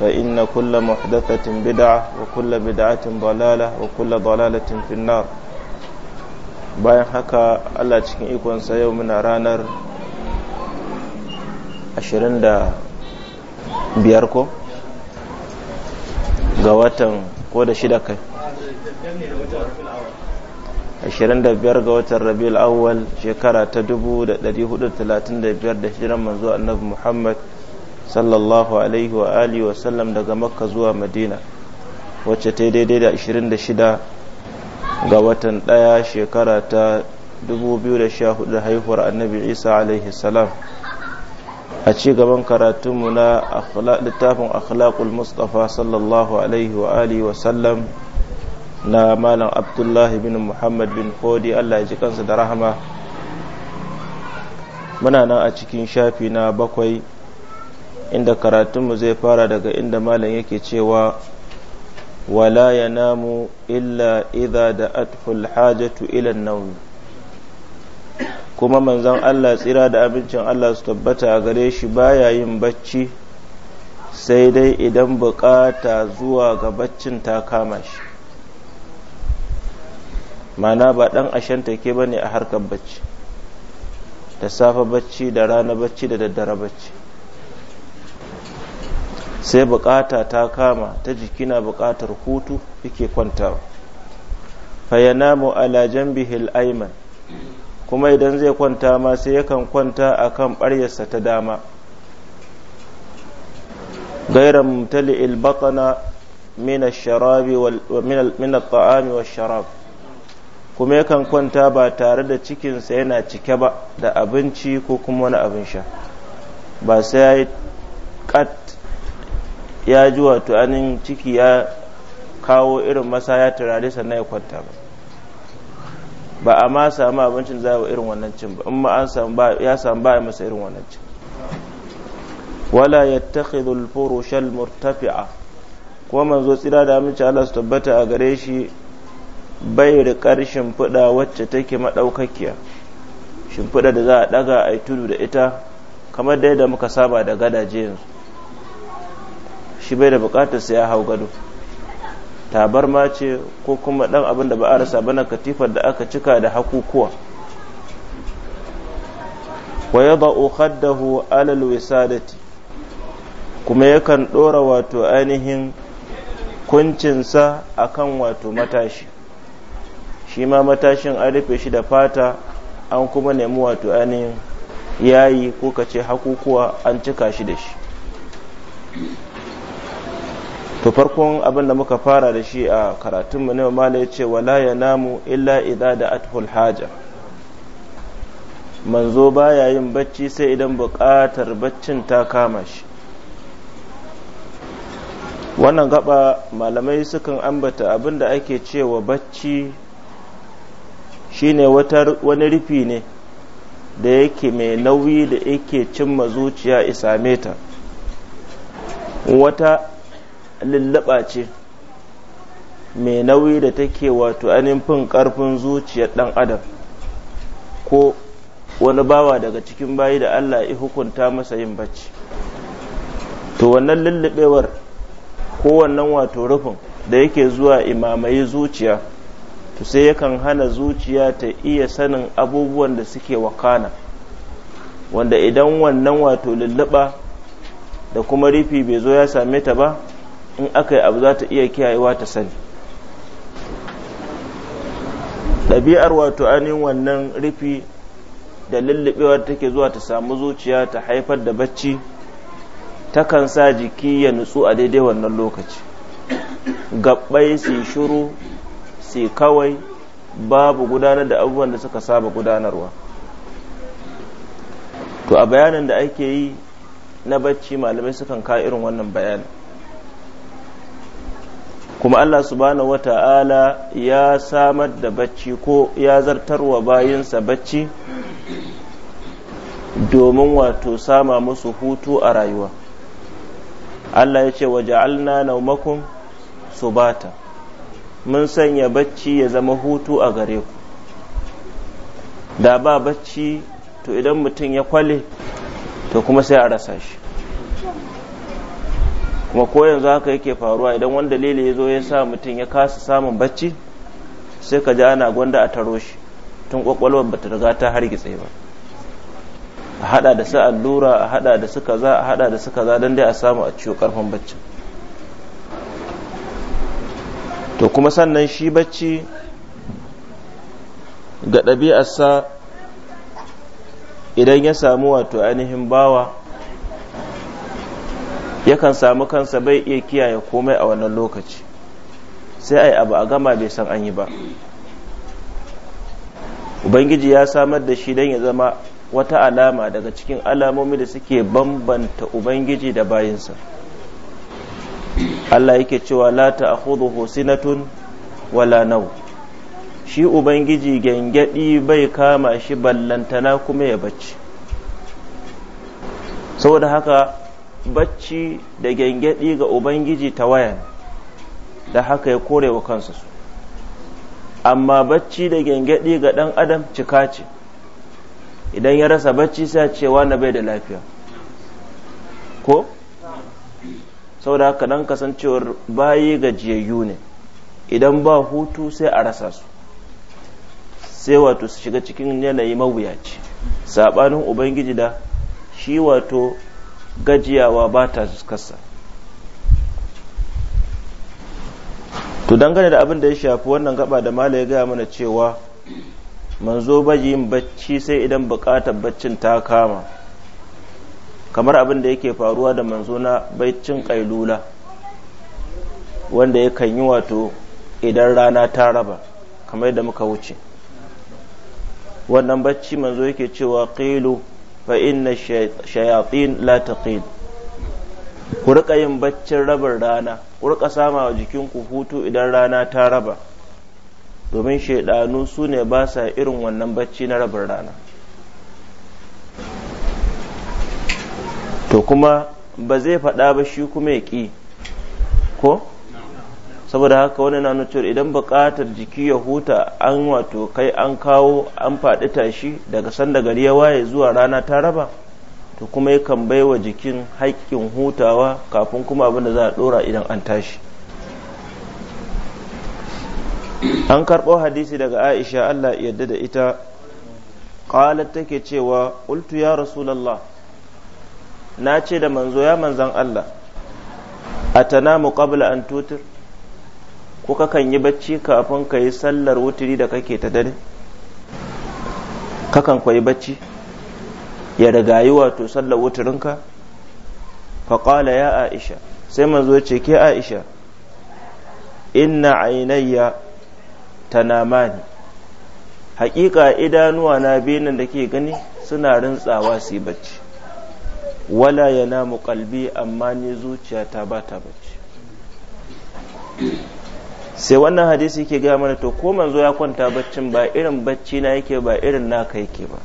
فإن كل محدثة بدعة وكل بدعة ضلالة وكل ضلالة في النار bayan haka Allah cikin ikonsa yau muna ranar 25 ko ga watan ko da shida kai 25 ga watan rabiul awwal shekara ta 1435 da hijiran manzo annabi Muhammad sallallahu alaihi wa alihi wa sallam daga makka zuwa madina wacce ta daidai da 26 ga watan daya shekara ta 2014 haihuwar annabi isa alaihi salam a ci gaban karatunmu na littafin akhlaqul mustafa sallallahu alaihi wa alihi wa sallam na malam abdullahi bin muhammad bin fodi allah ya ji kansa da rahama muna nan a cikin shafi na bakwai inda karatunmu zai fara daga inda malam yake cewa wala ya namu illa idha da atful hajatu ila naumi kuma manzon Allah tsira da abincin Allah su tabbata a gare shi baya yin bacci sai dai idan bukata zuwa ga baccin ta kama shi mana ba dan ashanta ke bane a harkar bacci da safe bacci da rana bacci da daddare bacci sai bukata ta kama ta jiki na bukatar hutu yake kwantawa fayana ala al aiman kuma idan zai kwanta ma sai yakan kwanta a kan ɓaryarsa ta dama gairan mutali ilbaƙana mina ta'ami wa sharab kuma yakan kwanta ba tare da cikinsa yana cike ba da abinci ko kuma wani abin sha ba sai ya yi ya ji wato anin ciki ya kawo irin masa ya turare sannan ya kwanta ba ba a ma samu abincin wa irin wannan cin ba in ma an samu ya samu ba masa irin wannan cin wala yattakhidhu al shal murtafi'a kuma manzo tsira da amince Allah su tabbata a gare shi bai riƙar shimfiɗa wacce take maɗaukakiya shimfiɗa da za a ɗaga a yi tudu da ita kamar da muka saba da gadaje yanzu shi bai da bukatar sai ya hau gado tabarma ce ko kuma dan abin da ba a rasa bana katifar da aka cika da hakukuwa wa yada'u khaddahu ala alwisadati kuma yakan dora wato ainihin kuncinsa akan wato matashi shi ma matashin an rufe shi da fata an kuma nemi wato ainihin yayi ko kace hakukuwa an cika shi da shi to farkon abin da muka fara da shi a karatunmu na ma ya ce wala ya namu illa idza da athul haja manzo baya yin bacci sai idan buƙatar baccin ta kama shi wannan gaba malamai sukan ambata abin da ake cewa bacci shine wani rufi ne da yake mai nauyi da yake cimma zuciya isame ta wata lullaba ce mai nauyi da take wato fin ƙarfin zuciyar ɗan adam ko wani bawa daga cikin bayi da Allah ya hukunta masa yin bacci to wannan lullubewar ko wannan wato rufin da yake zuwa imamai zuciya to sai yakan hana zuciya ta iya sanin abubuwan da suke wakana wanda idan wannan wato lulluɓa da kuma rufi bai zo ya same ta ba in aka yi abu za ta iya kiyayewa ta sani ɗabi'ar wato ainihin wannan rufi da lullubewar take zuwa ta samu zuciya ta haifar da bacci takan sa jiki ya nutsu a daidai wannan lokaci gabbai su shuru su kawai babu gudanar da abubuwan da suka saba gudanarwa to a bayanin da ake yi na bacci malamai sukan ka irin wannan bayanin kuma Allah subhanahu wata'ala ya samar da bacci ko ya zartarwa bayinsa bacci domin wato sama musu hutu a rayuwa Allah ya ce wa ja'alna naumakum subata mun sanya bacci ya zama hutu a gare ku da ba bacci to idan mutum ya kwale to kuma sai a rasa shi kuma ko yanzu haka yake faruwa idan wani dalili ya zo ya sa mutum ya kasa samun bacci sai ka ji ana gwanda a taro shi tun kwakwalwar bata riga ta hargitse ba a hada da su allura a hada da su kaza a hada da su kaza don dai a samu a ciwo karfin bacci to kuma sannan shi bacci ga ɗabi'arsa idan ya samu wato ainihin bawa yakan samu kansa bai iya kiyaye komai a wannan lokaci sai ai abu a gama bai san an yi ba ubangiji ya samar da shi don ya zama wata alama daga cikin alamomi da suke bambanta ubangiji da bayinsa Allah yake cewa la ta'khudhuhu sinatun wala nau. shi ubangiji gengedi bai kama shi ballantana kuma ya bacci saboda haka bacci da gyangyaɗi ga ubangiji ta waya da haka ya kore wa kansa su amma bacci da gyangyaɗi ga ɗan adam cika ce idan ya rasa bacci sai cewa na bai da lafiya ko saboda haka dan kasancewar bayi gajiyayyu ne idan ba hutu sai a rasa su sai wato su shiga cikin yanayi mawuyaci saɓanin ubangiji da shi wato gajiyawa ba ta fuskarsa to dangane da abin da ya shafi wannan gaba da mala ya gaya mana cewa manzo baji yin bacci sai idan bukatar baccin ta kama kamar abin da yake faruwa da manzo na baccin kailula wanda ya kan yi wato idan rana ta raba kamar yadda muka wuce wannan bacci manzo yake cewa kailu fa inna shayatin la ku rika yin baccin rabin rana ku rika sama wa jikinku hutu idan rana ta raba domin shaidanu su ne ba sa irin wannan bacci na rabin rana to kuma ba zai faɗa ba shi kuma ya ƙi ko saboda haka wani na cewa idan bukatar jiki ya huta an wato kai an kawo an faɗi tashi daga sanda gari ya waye zuwa rana ta raba to kuma yakan wa jikin haƙƙin hutawa kafin kuma abin da za a ɗora idan an tashi an karɓo hadisi daga aisha allah yadda da ita ƙalar take cewa ultu ya rasulallah na ce da manzo ya manzan allah a tana mu qabla an tutur ko kakan yi bacci kafin ka yi sallar wuturi da kake ta dare kakan kwayi bacci ya yi wato sallar wuturinka faƙala ya aisha sai manzo ce ke aisha inna ainayya tanamani haƙiƙa idanuwa na benin da ke gani suna rintsawa su yi bacci wala ya namu kalbi amma ni zuciya ta ba ta bacci sai wannan hadisi yake gaya mana to ko manzo ya kwanta baccin ba irin bacci na yake ba irin naka yake ba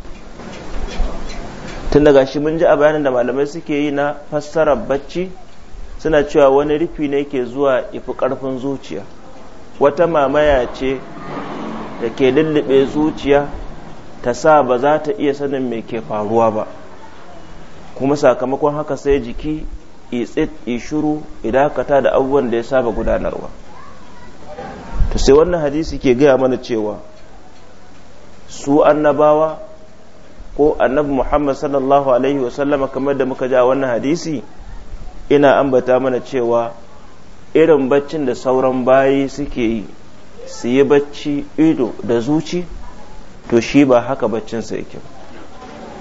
tun daga shi mun ji a bayanin da malamai suke yi na fassarar bacci suna cewa wani rufi ne ke zuwa ifi karfin zuciya wata mamaya ce da ke lullube zuciya ta sa ba za ta iya sanin mai ke faruwa ba kuma sakamakon haka sai jiki itsit shuru idakata da abubuwan da ya saba gudanarwa to sai wannan hadisi ke gaya mana cewa su annabawa ko annabi muhammad sallallahu alaihi wasallama kamar da muka ja wannan hadisi ina ambata mana cewa irin baccin da sauran bayi suke yi su yi bacci ido da zuci to shi ba haka baccinsa yake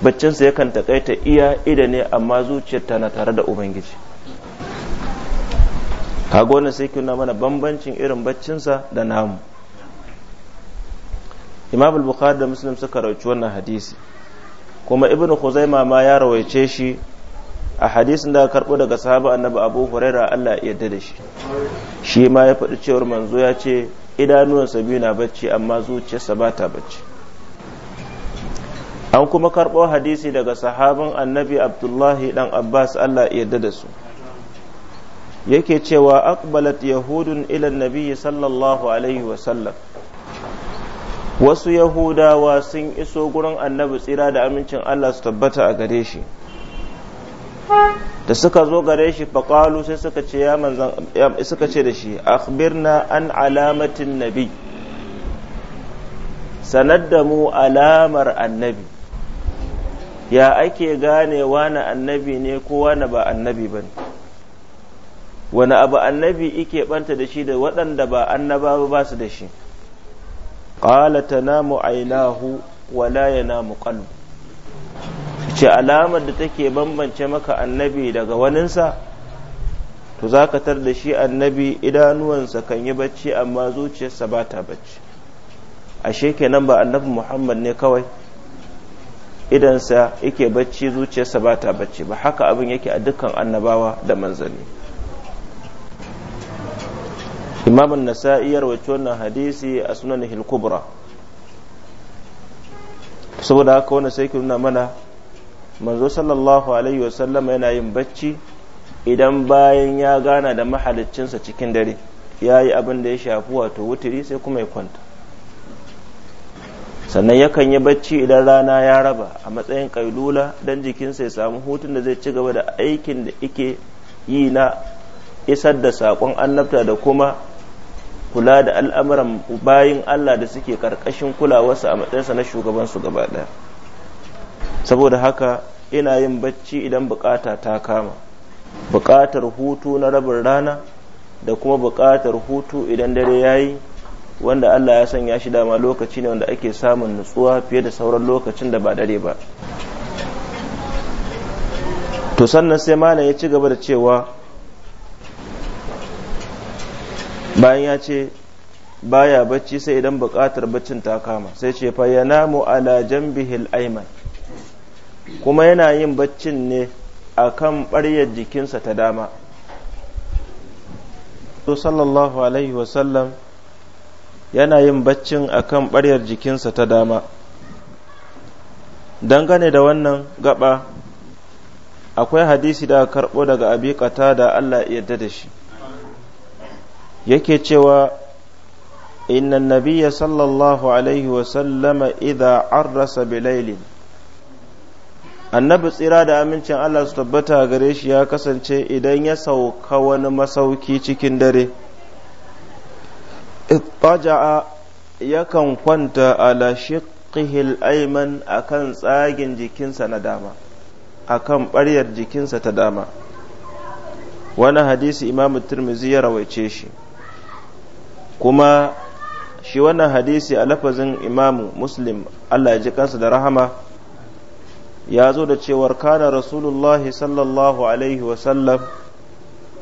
baccinsa yakan takaita iya ida ne amma zuciyar tana tare da ubangiji kaga wannan sai kuna mana bambancin irin baccinsa da namu imam al-bukhari da muslim suka rauci wannan hadisi kuma ibn khuzaima ma ya rawaice shi a hadisin da karbo daga sahaba annabi abu huraira Allah ya yarda da shi shi ma ya faɗi cewar manzo ya ce idanuwansa biyu na bacci amma zuciyarsa ba ta bacci an kuma karɓo hadisi daga sahaban annabi abdullahi dan abbas Allah ya yarda da su yake cewa aqbalat yahudun ila nabiyyi sallallahu alaihi sallam wasu yahudawa sun iso gurin annabi tsira da amincin allah su tabbata a gare shi da suka zo gare shi sai suka ce ya manzan suka ce da shi akhbirna an alamatin nabi sanar da mu alamar annabi ya ake ganewa na annabi ne kowa na ba annabi bane wani abu annabi ike banta da shi da waɗanda ba annaba ba su da shi ta namu ainihu wa ya namu ƙalu ce alamar da take bambance maka annabi daga waninsa to za ka tar da shi annabi idanuwansa kan yi bacci amma zuciyarsa ba ta bacci ashe kenan ba annabi muhammad ne kawai idansa ike bacci zuciyarsa ba ta bacci ba haka abin yake a dukkan annabawa da manzanni imam an-nasa'i yarwaci wannan hadisi a sunan hilkubra saboda haka wannan sai ki nuna mana manzo sallallahu alaihi wasallam yana yin bacci idan bayan ya gana da mahaliccinsa cikin dare ya yi abin da ya shafi wato wuturi sai kuma ya kwanta sannan yakan yi bacci idan rana ya raba a matsayin kailula don jikinsa ya samu hutun da zai ci gaba da aikin da ike yi na isar da saƙon annabta da kuma kula da al'amuran bayin Allah da suke ƙarƙashin kulawarsa a matsayinsa na shugabansu gaba ɗaya saboda haka ina yin bacci idan bukata ta kama bukatar hutu na rabin rana da kuma buƙatar hutu idan dare ya yi, wanda Allah ya sanya shi dama lokaci ne wanda ake samun nutsuwa fiye da sauran lokacin da ba dare ba to sannan sai malam ya ci gaba da cewa bayan ya ce baya bacci sai idan buƙatar baccin ta kama sai ce fa mu ala jambihil ayman kuma yana yin baccin ne akan ɓaryar jikinsa ta dama to sallallahu alaihi wasallam yana yin baccin akan ɓaryar jikinsa ta dama dangane da wannan gaba akwai hadisi da karɓo daga abi da Allah yadda da shi yake cewa inna nabiyya sallallahu alaihi wasallama idha arrasa bilailin annabi tsira da amincin Allah su tabbata gare shi ya kasance idan ya sauka wani masauki cikin dare Ittaja'a yakan kwanta ala shiqihil aiman akan tsagin jikinsa na dama akan ɓaryar jikinsa ta dama wani hadisi imamu turmizi ya rawaice shi kuma shi wannan hadisi a lafazin imamu muslim Allah ya ji kansa da rahama ya zo da cewar kana rasulullahi sallallahu alaihi wasallam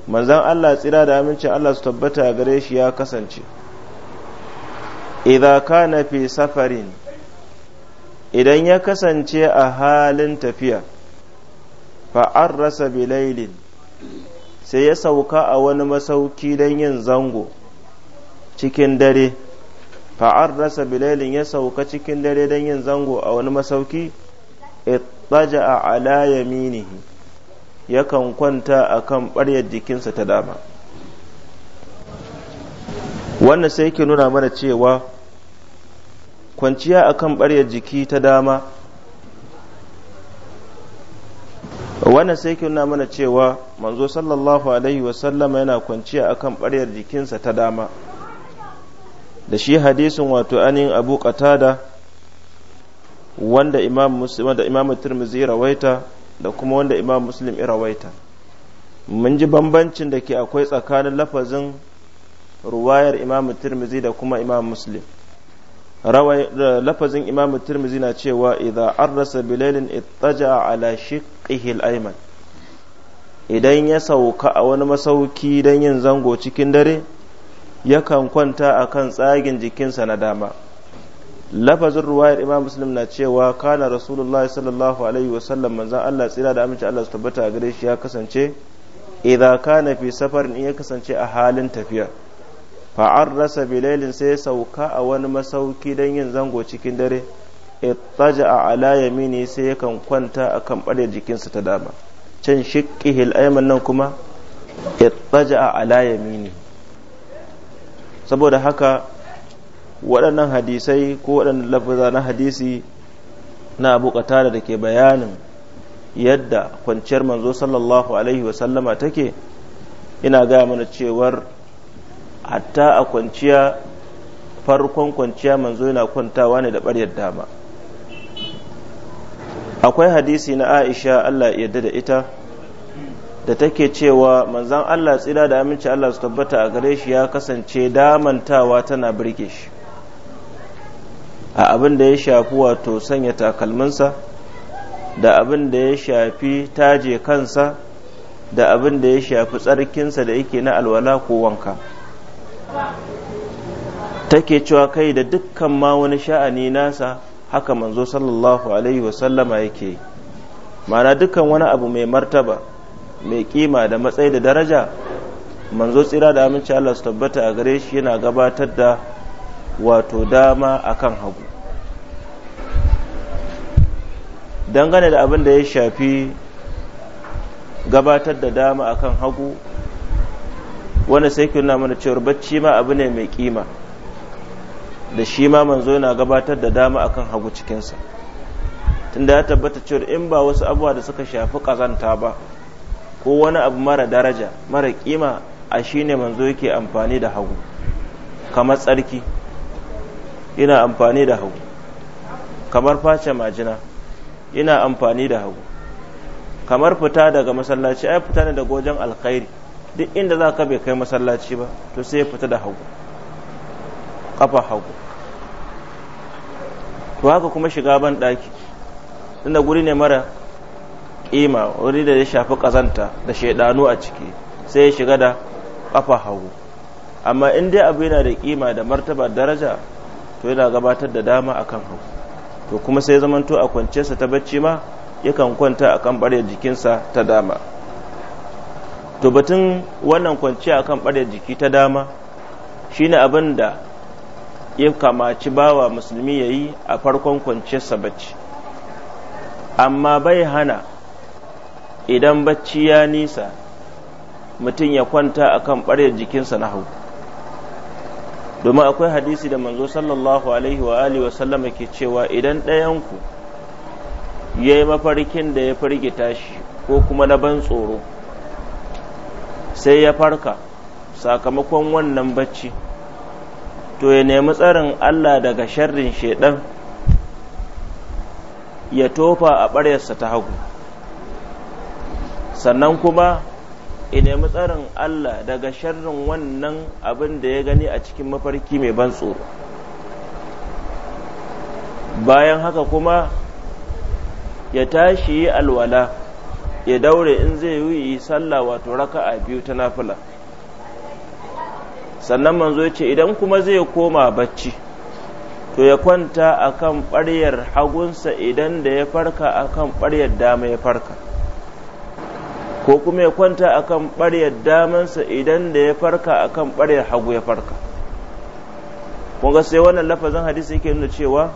manzan Allah tsira da amincin Allah su tabbata gare shi ya kasance idan kana fi safarin idan ya kasance a halin tafiya fa'ar rasa bilailin sai ya sauka a wani masauki don yin zango cikin dare fa'ar rasa bilalin ya sauka cikin dare don yin zango a wani masauki ittaja a ala yaminihi yakan kwanta a kan ɓaryar jikinsa ta dama wannan sai ke nuna mana cewa kwanciya a kan ɓaryar jiki ta dama wannan sai ke nuna mana cewa manzo sallallahu alaihi wasallama yana kwanciya a kan ɓaryar jikinsa ta dama da shi hadisin wato anin abu qatada wanda imam muslim da imam tirmidhi rawaita da kuma wanda imam muslim ya rawaita mun ji bambancin da ke akwai tsakanin lafazin ruwayar imam tirmidhi da kuma imam muslim lafazin imam tirmidhi na cewa idza arrasa bilailin ittaja ala shiqqihi al-ayman idan ya sauka a wani masauki don yin zango cikin dare yakan kwanta a kan tsagin jikinsa na dama lafazin ruwayar imam muslim na cewa kana rasulullahi sallallahu alaihi wasallam manzan allah tsira da aminci allah su tabbata a gare shi ya kasance idza kana fi safarin ya kasance a halin tafiya fa'ar rasa bilailin sai sauka a wani masauki dan yin zango cikin dare ittaja a ala yamini sai yakan kwanta akan bare jikinsa ta dama can shiqqihil ayman nan kuma ittaja ala yamini saboda haka waɗannan hadisai ko waɗannan lafaza na hadisi na abu da ke bayanin yadda kwanciyar manzo sallallahu alaihi wasallama take ina gaya mana cewar hatta a kwanciya farkon kwanciya manzo yana kwantawa ne da ɓaryar dama akwai hadisi na aisha allah yadda da ita da take cewa manzan Allah tsira da aminci Allah su tabbata a gare shi ya kasance damantawa tana birge shi a abin da ya shafi wato sanya takalminsa da abin da ya shafi taje kansa da abin da ya shafi tsarkinsa da yake na alwala ko wanka take cewa kai da dukkan ma wani sha'ani nasa haka manzo sallallahu alaihi wasallama yake mana dukkan wani abu mai martaba mai kima da matsayi da daraja manzo tsira da aminci Allah su tabbata a gare shi yana gabatar da wato dama akan hagu dangane da abin da ya shafi gabatar da dama akan hagu wanda sai kuna mana cewar bacci ma abu ne mai kima da shi ma manzo yana gabatar da dama akan hagu cikinsa tunda ya tabbata cewar in ba wasu abubuwa da suka shafi kazanta ba ko wani abu mara daraja mara kima a shine manzo yake amfani da hagu kamar tsarki ina amfani da hagu kamar face majina ina amfani da hagu kamar fita daga masallaci ai fita ne daga wajen alkhairi duk inda za ka bai kai masallaci ba to sai fita da hagu kafa hagu to haka kuma shiga ban daki tunda guri ne mara kima wuri da ya shafi kazanta da shaidanu a ciki sai ya shiga da kafa hagu amma in dai abu yana da kima da martaba daraja to yana gabatar da dama akan hagu to kuma sai zamanto a kwance sa ta bacci ma yakan kwanta akan bare jikinsa ta dama to batun wannan a akan barya jiki ta dama shine abin da ya kamaci bawa musulmi ya yi a farkon kwanciyarsa bacci amma bai hana idan bacci ya nisa mutum ya kwanta akan ɓaryar jikinsa na hagu domin akwai hadisi da manzo sallallahu alaihi wa alihi wasallama ke cewa idan ɗayanku ya yi mafarkin da ya firgita shi ko kuma na ban tsoro sai ya farka sakamakon wannan bacci to ya nemi tsarin Allah daga sharrin shaidan ya tofa a ɓaryarsa ta hagu sannan kuma in nemi tsarin Allah daga sharrin wannan abin da ya gani a cikin mafarki mai ban tsoro bayan haka kuma ya tashi yi alwala ya daure in zai yi sallah wato raka a biyu ta nafila sannan manzo ce idan kuma zai koma bacci to ya kwanta a kan ɓaryar hagunsa idan da ya farka akan ɓaryar dama ya farka ko kuma ya kwanta a akan ɓaryar damansa idan da ya farka a kan ɓaryar hagu ya farka kun sai wannan lafazin hadisi yake nuna cewa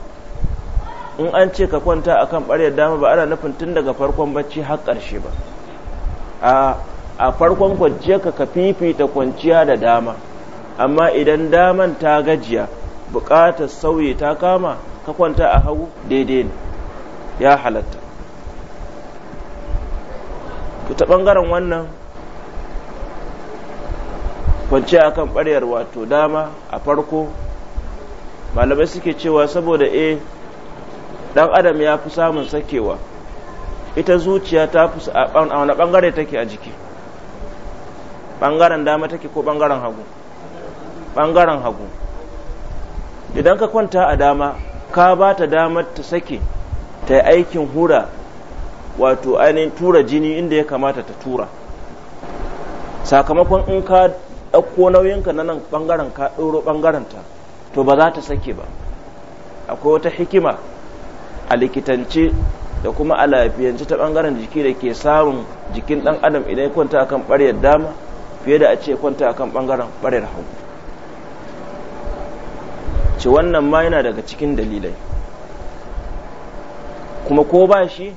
in an ce ka kwanta a kan ɓaryar dama ba ana nufin tun daga farkon bacci har ƙarshe ba a a farkon kwanciya ka ka fifita kwanciya da dama amma idan daman ta gajiya buƙatar sauyi ta kama ka kwanta a hagu daidai ne ya halatta ta bangaren wannan kwanciya akan ɓaryar wato dama a farko malamai suke cewa saboda e ɗan adam ya fi samun sakewa ita zuciya ta fi a wani ɓangare take a jiki ɓangaren dama take ko ɓangaren hagu ɓangaren hagu idan ka kwanta a dama ka ba ta damar ta sake ta yi aikin hura wato ainihin tura jini inda ya kamata ta tura sakamakon in ka ɗauko nauyinka na nan ɓangaren ka ɗoro ɓangarenta to ba za ta sake ba akwai wata hikima a likitance da kuma a lafiyance ta ɓangaren jiki da ke samun jikin ɗan adam idan ya kwanta akan ɓaryar dama fiye da a ce kwanta akan ɓangaren ɓaryar hau ce wannan ma yana daga cikin dalilai kuma ko ba shi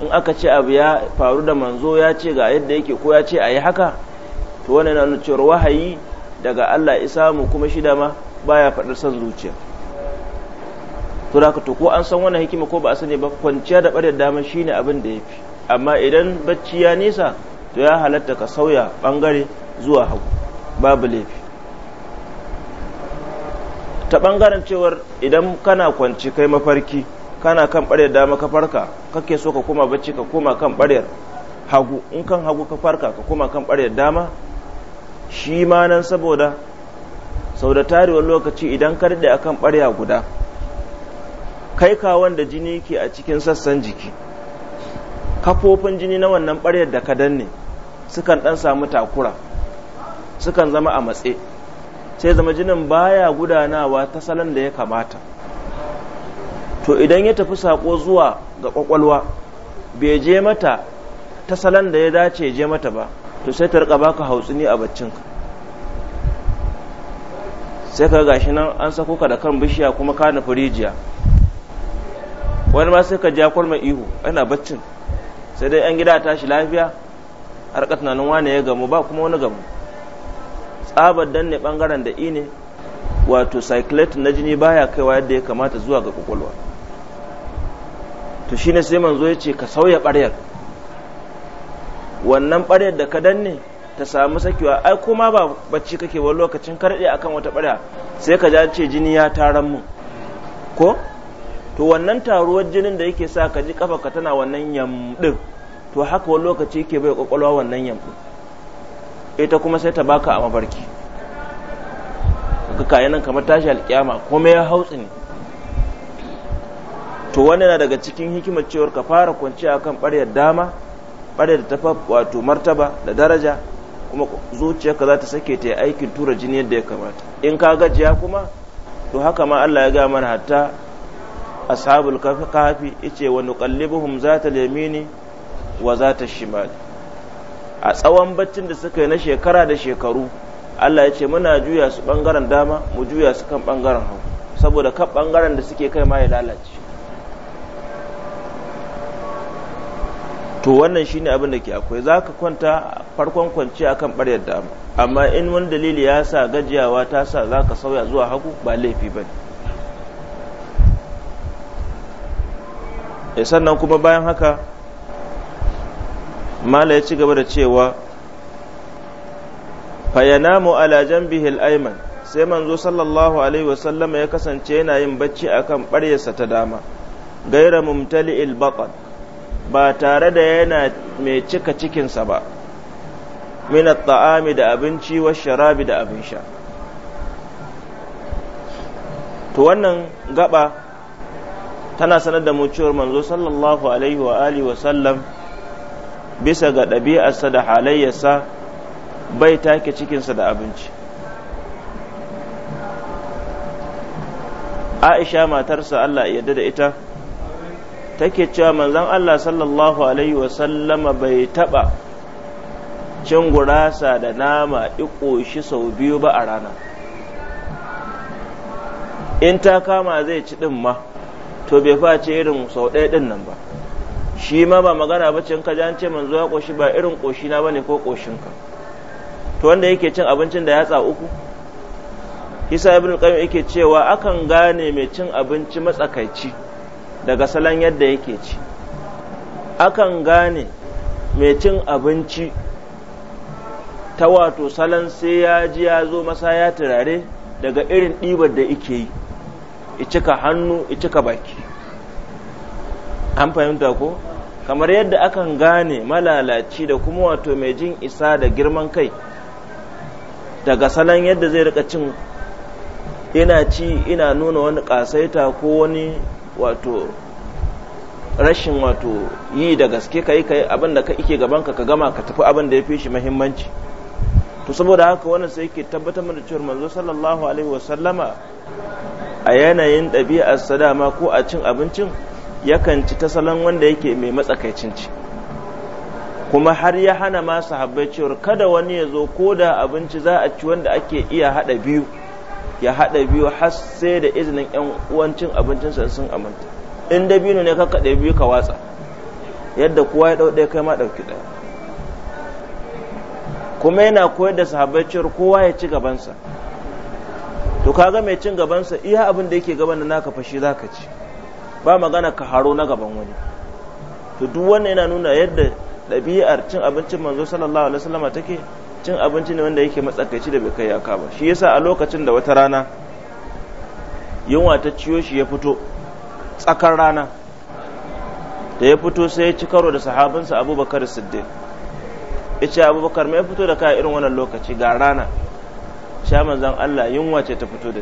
in aka ce abu ya faru da manzo ya ce ga yadda yake ko ya ce a yi haka to wani na cewar wahayi daga Allah isa mu kuma shi dama baya faɗar son zuciya to da ka ko an san wannan hikima ko ba a sani ba kwanciya da ɓarin dama ne abin da ya fi amma idan bacci ya nisa to ya halatta ka sauya ɓangare zuwa hagu babu laifi ta ɓangaren cewar idan kana kwanci kai mafarki kana kan ɓaryar dama ka farka kake so ka koma bacci ka koma kan ɓaryar hagu in kan hagu ka farka ka koma kan ɓaryar dama shi ma nan saboda sau da tarewar lokaci idan ka daɗe akan ɓarya guda kai ka wanda jini ke a cikin sassan jiki kafofin jini na wannan ɓaryar da ka danne sukan ɗan samu takura sukan zama a matse sai zama jinin baya gudanawa ta salon da ya kamata to idan ya tafi sako zuwa ga kwakwalwa bai je mata ta salon da ya dace je mata ba to sai ta rika baka hautsini a baccinka sai ka gashi nan an sako ka da kan bishiya kuma ka nufi rijiya wani ma sai ka ja kwalma ihu ana baccin sai dai yan gida tashi lafiya har ka tunanin wane ya gamu ba kuma wani gamu tsabar danne bangaren da ine wato cyclate na jini baya kaiwa yadda ya kamata zuwa ga kwakwalwa to shi ne sai manzo ya ce ka sauya ɓaryar wannan ɓaryar da ka danne ta samu sakewa ai kuma ba bacci kake ba lokacin karɗe akan wata ɓarya sai ka ja ce jini ya taran mu ko to wannan taruwar jinin da yake sa ka ji kafa ka tana wannan yamɗin to haka wani lokaci yake bai kwakwalwa wannan yamɗin ita kuma sai ta baka a mafarki ka kayanan kamar tashi alƙiyama komai ya hautsi ne to wani na daga cikin hikimar cewar ka fara kwanciya kan ɓaryar dama ɓaryar ta wato martaba da daraja kuma zuciyarka za ta sake ta yi aikin tura jini yadda ya kamata in ka gajiya kuma to haka ma Allah ya ga mana hatta ashabul kahfi yace wa nuqallibuhum ta yamini wa zatal shimali a tsawon baccin da suka yi na shekara da shekaru Allah ya ce muna juya su bangaren dama mu juya su kan bangaren hagu saboda kan ɓangaren da suke kai ma ya lalace to wannan shine abin da ke akwai za ka kwanta farkon kwanci akan ɓaryar da amma in wani dalili ya sa gajiyawa ta sa za ka sauya zuwa hagu ba laifi ba ne eh, sannan kuma bayan haka mala ya ci gaba da cewa fayanamu ala janbihil ayman sai manzo sallallahu alaihi wasallama ya kasance yana yin bacci akan ɓaryarsa ta dama gaira mumtali'il baqan ba tare da yana mai cika cikinsa ba minat ta'ami da abinci wa sharabi da abin sha to wannan gaba tana sanar da mu cewar manzo sallallahu alaihi wa alihi wa sallam bisa ga ɗabi'arsa da halayyarsa bai take cikinsa da abinci aisha matarsa Allah yarda da ita take cewa manzon Allah sallallahu alaihi wasallama bai taɓa cin gurasa da nama ikoshi sau biyu ba a rana in ta kama zai ci ɗin ma to bai face irin sau ɗaya ɗin nan ba shi ma ba magana ba cin ka ce manzo ya ƙoshi ba irin ƙoshina ba ne ko ƙoshinka to wanda yake cin abincin da yatsa uku isa ibn qayyim yake cewa akan gane mai cin abinci matsakaici daga salon yadda yake ci akan gane mai cin abinci ta wato salon sai ya ji ya zo masa ya turare daga irin ɗibar da ike yi cika hannu cika baki an fahimta ko kamar yadda akan gane malalaci da kuma wato mai jin isa da girman kai daga salon yadda zai rika cin ina ci ina nuna wani ƙasaita ko wani wato rashin wato yi da gaske kai kai abin da ka ike gaban ka ka gama ka tafi abinda ya fi shi muhimmanci to saboda haka wannan sai yake tabbatar mana cewa manzo sallallahu alaihi wasallama a yanayin ɗabi'ar sadama ko a cin abincin yakan ci ta salon wanda yake mai matsakaicin ci kuma har ya hana ma sahabbai cewar kada wani ya zo ko da abinci za a ci wanda ake iya haɗa biyu ya haɗa biyu har sai da izinin yan uwancin abincin sun aminta in biyu ne ka kaɗe biyu ka watsa yadda kowa ya ɗau ɗaya kai ma ɗauki ɗaya kuma yana koyar da sahabbai cewar kowa ya ci gabansa to kaga mai cin gabansa iya abin da yake gaban da naka fashi zaka ci ba magana ka haro na gaban wani to duk wannan yana nuna yadda ɗabi'ar cin abincin manzo sallallahu alaihi wasallama take cin abinci ne wanda yake matsakaici da bai kai yaka ba shi yasa a lokacin da wata rana yunwa ta ciyo shi ya fito tsakar rana da ya fito sai ya ci karo da sahabinsa abubakar siddiq ya ce abubakar mai fito da kaya irin wannan lokaci ga rana sha manzan allah yunwa ce ta fito da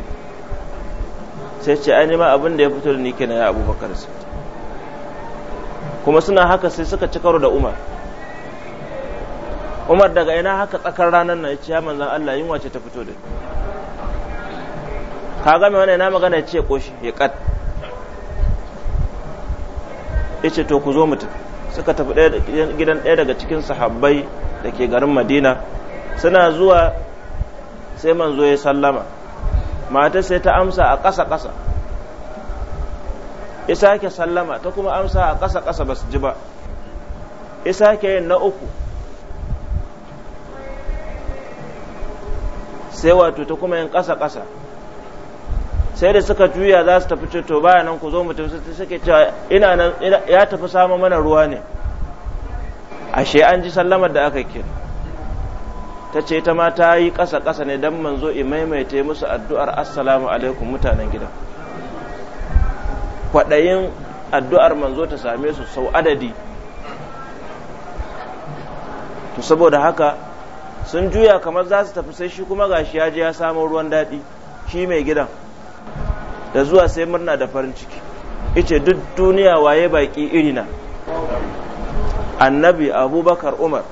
sai ce ai ma abin da ya fito da ni kenan ya abubakar siddiq kuma suna haka sai suka ci karo da umar umar daga ina haka tsakar ranar nan ya ce ya Allah yin wace ta fito da ka game wani ina magana ya ce koshi ya kat ya ce to ku zo mutum suka tafi gidan ɗaya daga cikin sahabbai da ke garin madina suna zuwa sai manzo ya sallama mata sai ta amsa a ƙasa-ƙasa ya sake sallama ta kuma amsa a ƙasa-ƙasa ba su ji ba ya sake yin na uku sai wato ta kuma yin ƙasa ƙasa sai da suka juya za su tafi ceto baya nan ku zo mu tafi sai suke cewa ina nan ya tafi samun mana ruwa ne ashe an ji sallamar da aka kira ta ce ta ma ta yi ƙasa ƙasa ne don manzo in maimaita musu addu'ar assalamu alaikum mutanen gida kwaɗayin addu'ar manzo ta same su sau adadi to saboda haka sun juya kamar za su tafi sai shi kuma gashi ya je ya samu ruwan daɗi shi mai gidan da zuwa sai murna da farin ciki ice duk duniya waye baki iri na. annabi abubakar umar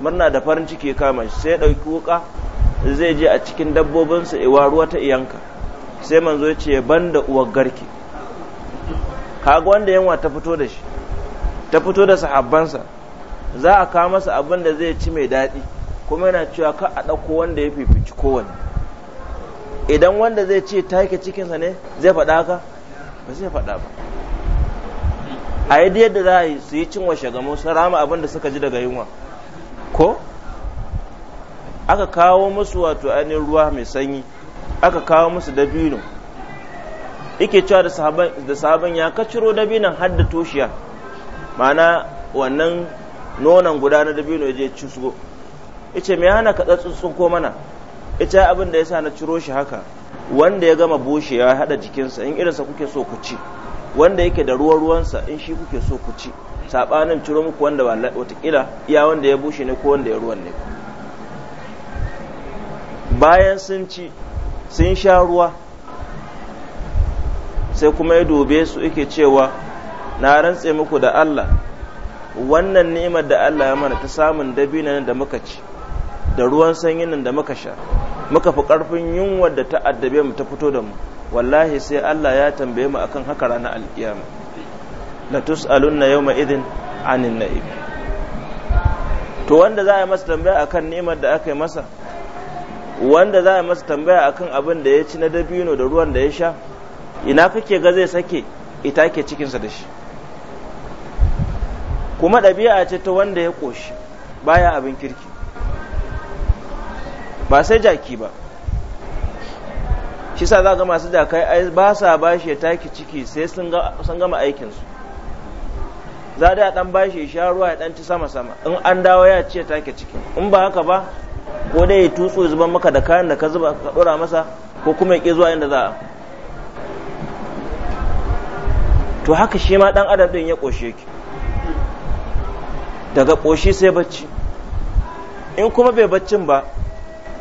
murna da farin ciki kama shi sai ɗauki wuka zai je a cikin dabbobinsa iwa ruwa ta iyanka sai manzo ya ce ban da uwar garki kaga wanda yanwa ta fito da shi ta fito da sahabbansa za a kawo masa abin da zai ci mai daɗi kuma yana cewa ka a ɗauko wanda ya fifici kowanne idan wanda zai ce take cikinsa ne zai faɗa ka ba zai faɗa ba a yi da yadda za a yi su yi cin washe gamo su rama abin da suka ji daga yunwa ko aka kawo musu wato ainihin ruwa mai sanyi aka kawo musu dabino yake cewa da sabon ya kaciro dabinon har da toshiya ma'ana wannan nonon guda na dabino ya je ci su yace me hana ka tsatsun ko mana yace abin da yasa na ciro shi haka wanda ya gama bushe ya hada jikinsa in irinsa kuke so ku ci wanda yake da ruwan ruwansa in shi kuke so ku ci sabanin ciro muku wanda ba watakila iya wanda ya bushe ne ko wanda ya ruwan ne bayan sun ci sun sha ruwa sai kuma ya dobe su yake cewa na rantse muku da Allah wannan ni'imar da Allah ya mana ta samun dabinan da muka ci da ruwan sanyin nan da muka sha muka fi karfin yunwar da ta addabe mu ta fito da mu wallahi sai Allah ya tambaye mu akan haka ranar alkiyama la tus'alunna yawma idhin anin na'im to wanda za a yi masa tambaya akan ni'imar da aka yi masa wanda za a yi masa tambaya akan abin da ya ci na dabino da ruwan da ya sha ina kake ga zai sake ita ke cikinsa da shi kuma ɗabi'a ce ta wanda ya ƙoshi baya abin kirki ba sai jaki ba shi sa za ga masu jakai ba sa bashi ya taki ciki sai sun gama aikinsu za da dan bashi shi sha ruwa ya dan ci sama sama in an dawo ya ce take ciki in ba haka ba ko dai ya tutsu zuban maka da kayan da ka zuba ka dora masa ko kuma ya ki zuwa inda za a to haka shi ma dan adam din ya koshe ki daga koshi sai bacci in kuma bai baccin ba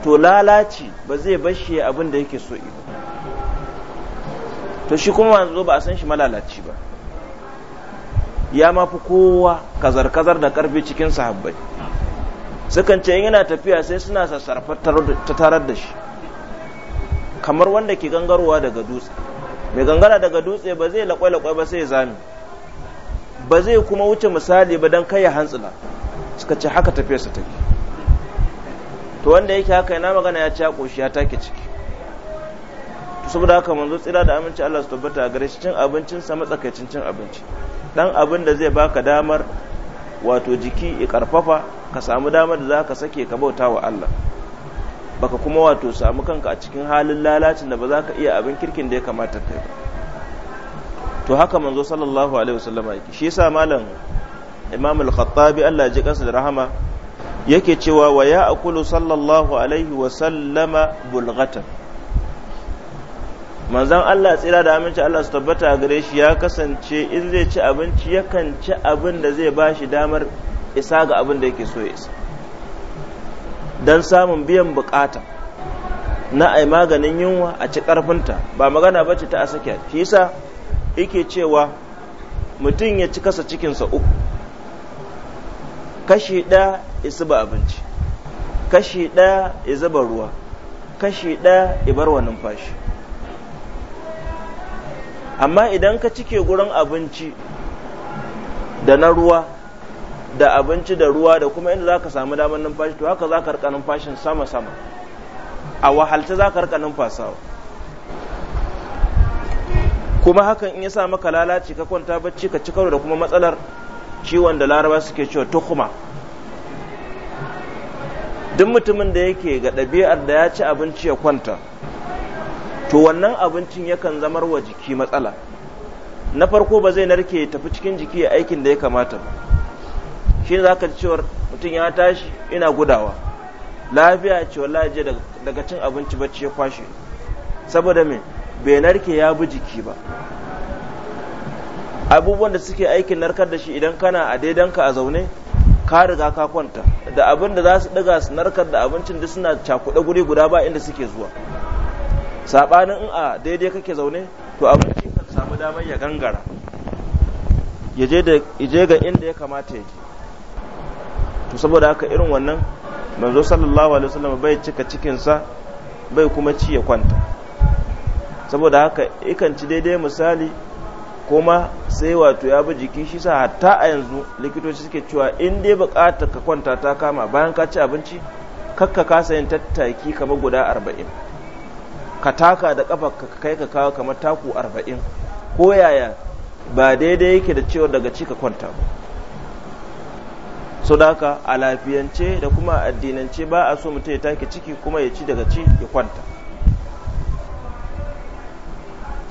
to lalaci ba zai bashi abin da yake so ido to shi kuma wanzu ba a san shi malalaci ba ya mafi kowa kazar-kazar da karfi cikin sahabbai sukan ce yana tafiya sai suna sassarfar ta tarar da shi kamar wanda ke gangarowa daga dutse mai gangara daga dutse ba zai lakwai-lakwai ba sai ya zami ba zai kuma wuce misali ba don kai ya hantsila suka ce haka tafiyarsa take to wanda yake haka yana magana ya ci ya ƙoshi ya take ciki saboda haka manzo tsira da aminci Allah su tabbata a gare shi cin sa matsakaicin cin abinci dan abin da zai baka damar wato jiki ya karfafa ka samu damar da zaka sake ka bauta wa Allah baka kuma wato samu kanka a cikin halin lalacin da ba za ka iya abin kirkin da ya kamata kai ba to haka manzo sallallahu alaihi wasallama yake shi yasa malam imam al-khattabi Allah ya ji kansa da rahama yake cewa wa ya akulu sallallahu alaihi wa sallama bulgatan manzon Allah tsira da aminci Allah su tabbata a gare shi ya kasance in zai ci abinci yakan ci abin da zai ba shi damar isa ga abin da yake so ya isa don samun biyan bukata na ai maganin yunwa a ci karfinta ba magana ba ce ta a sake yake cewa mutum ya ci kasa cikinsa uku kashi ɗaya ya zuba abinci kashi ɗaya ya zuba ruwa kashi ɗaya ya bar wa numfashi amma idan ka cike gurin abinci da na ruwa da abinci da ruwa da kuma inda za ka samu damar numfashi to haka za ka rika numfashin sama-sama a wahalta za ka rika numfasawa kuma hakan in ya sa maka lalaci ka kwanta bacci ka ci karo da kuma matsalar ciwon da laraba suke cewa tukuma duk mutumin da yake ga ɗabi'ar da ya ci abinci ya kwanta to wannan abincin yakan zamar wa jiki matsala na farko ba zai narke ya tafi cikin jiki ya aikin da ya kamata ba shi za ka cewar mutum ya tashi ina gudawa lafiya ce laje daga cin abinci bacci ya kwashe saboda me bai narke ya bi jiki ba abubuwan da suke aikin narkar da shi idan kana a daidanka a zaune ka riga ka kwanta da abin da za su ɗiga su narkar da abincin da suna cakuɗe guri guda ba inda suke zuwa saɓanin in a daidai kake zaune to abincin kan samu damar ya gangara ya je ga inda ya kamata ya je to saboda haka irin wannan manzo sallallahu alaihi wasallam bai cika cikinsa bai kuma ci ya kwanta saboda haka ikan ci daidai misali kuma sai wato ya bi jiki shi sa hatta a yanzu likitoci suke cewa in dai bukatar ka kwanta ta kama bayan ka ci abinci kakka kasa yin tattaki kamar guda arba'in ka taka da kafa ka kai ka kawo kamar taku arba'in ko yaya ba daidai yake da cewa daga ci ka kwanta ba so daga a lafiyance da kuma addinance ba a so mutum ya take ciki kuma ya ci daga ci ya kwanta